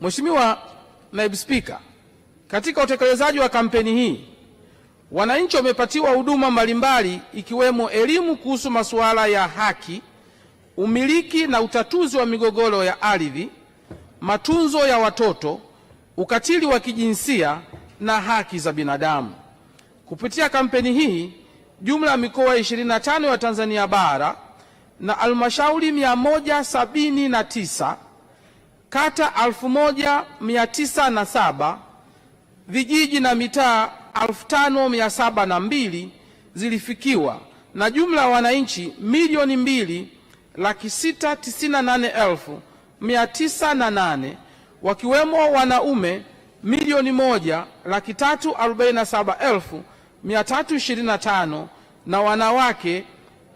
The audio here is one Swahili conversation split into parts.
Mheshimiwa Naibu Spika, katika utekelezaji wa kampeni hii wananchi wamepatiwa huduma mbalimbali ikiwemo elimu kuhusu masuala ya haki, umiliki na utatuzi wa migogoro ya ardhi, matunzo ya watoto, ukatili wa kijinsia na haki za binadamu. Kupitia kampeni hii, jumla ya mikoa 25 ya Tanzania bara na halmashauri 179 kata 1907 vijiji na mitaa 5702 zilifikiwa na jumla ya wananchi milioni mbili laki sita tisini na nane elfu mia tisa na nane wakiwemo wanaume milioni moja laki tatu arobaini na saba elfu mia tatu ishirini na tano na wanawake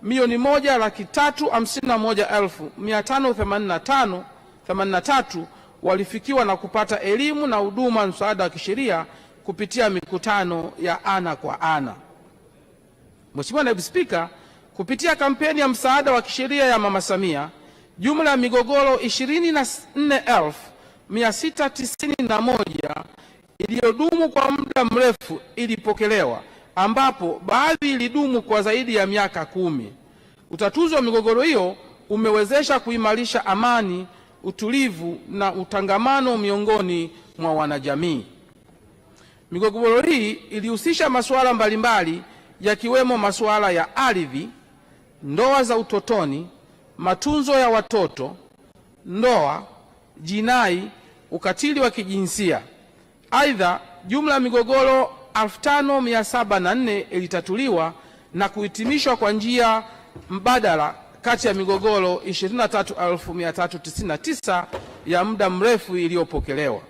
milioni moja laki tatu hamsini na moja elfu mia tano themanini na tano 83 walifikiwa na kupata elimu na huduma msaada wa kisheria kupitia mikutano ya ana kwa ana. Mheshimiwa Naibu Spika, kupitia kampeni ya msaada wa kisheria ya Mama Samia, jumla ya migogoro 24691 iliyodumu kwa muda mrefu ilipokelewa, ambapo baadhi ilidumu kwa zaidi ya miaka kumi. Utatuzi wa migogoro hiyo umewezesha kuimarisha amani utulivu na utangamano miongoni mwa wanajamii. Migogoro hii ilihusisha masuala mbalimbali yakiwemo masuala ya ardhi, ndoa za utotoni, matunzo ya watoto, ndoa, jinai, ukatili wa kijinsia. Aidha, jumla ya migogoro 5704 ilitatuliwa na kuhitimishwa kwa njia mbadala kati ya migogoro 23399 ya muda mrefu iliyopokelewa.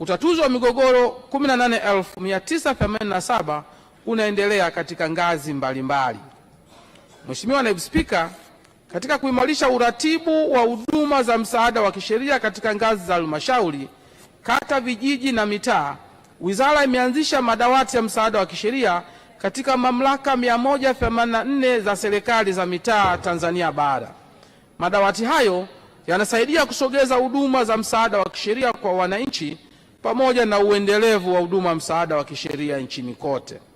Utatuzi wa migogoro 18987 unaendelea katika ngazi mbalimbali. Mheshimiwa Naibu Spika, katika kuimarisha uratibu wa huduma za msaada wa kisheria katika ngazi za halmashauri, kata, vijiji na mitaa, wizara imeanzisha madawati ya msaada wa kisheria katika mamlaka 184 za serikali za mitaa Tanzania bara. Madawati hayo yanasaidia kusogeza huduma za msaada wa kisheria kwa wananchi pamoja na uendelevu wa huduma msaada wa kisheria nchini kote.